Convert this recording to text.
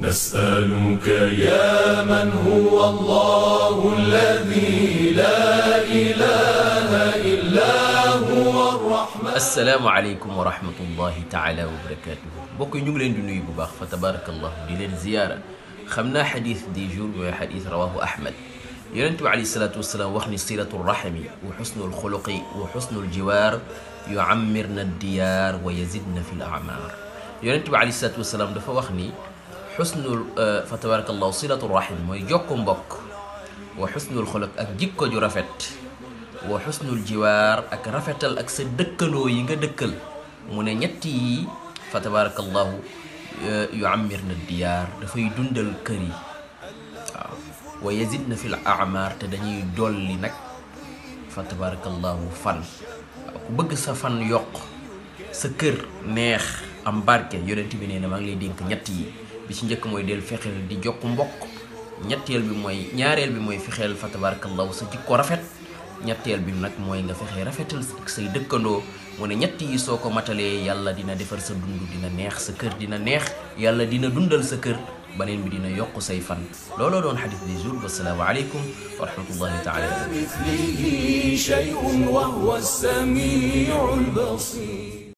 نسألك يا من هو الله الذي لا إله إلا هو الرحمن asalaamaaleykum wa rahmatullahi taala wa barakatuhu mbokk yi ñu ngi leen di nuyu bu baax fa tabarakallahu di leen ziyaara xam naa xadis du jour mooy xadis rawahu ahmad yonente bi alayhi salaatu wasalaam wax ni silatu rahimi wa xusnu alxuluqi wa xusnu aljiwaar yuammir na diyaar wa yazid na fi l amaar yonente bi alayhi salaatu wasalaam dafa wax ni xusnul eh, fa tabarakallahu mooy jokku mbokk ak jikko ju rafet wa xusnul rafetal ak sa dëkkaloo yi nga dëkkal mu ne ñett yi fa tabarakallahu eh, yu amir na dafay dundal yi wa yazid na fil amaar te dañuy dolli nag fa tabarakallahu fan waaw bëgg sa fan yokk sa kër neex am barke yonent bi nee maa ngi lay dénk ñett yi bi ci njëkk mooy del fexeel di jokk mbokk ñetteel bi mooy ñaareel bi mooy fexeel fa tabarakallahu sa jikko rafet ñetteel bi nag mooy nga fexe rafetal say dëkkandoo mu ne ñett yi soo ko matalee yàlla dina defar sa dund dina neex sa kër dina neex yàlla dina dundal sa kër baneen bi dina yokk say fan looloo doon xadis du jour wassalaamu aleykum wa rahmatullahi taala wa barakaatuh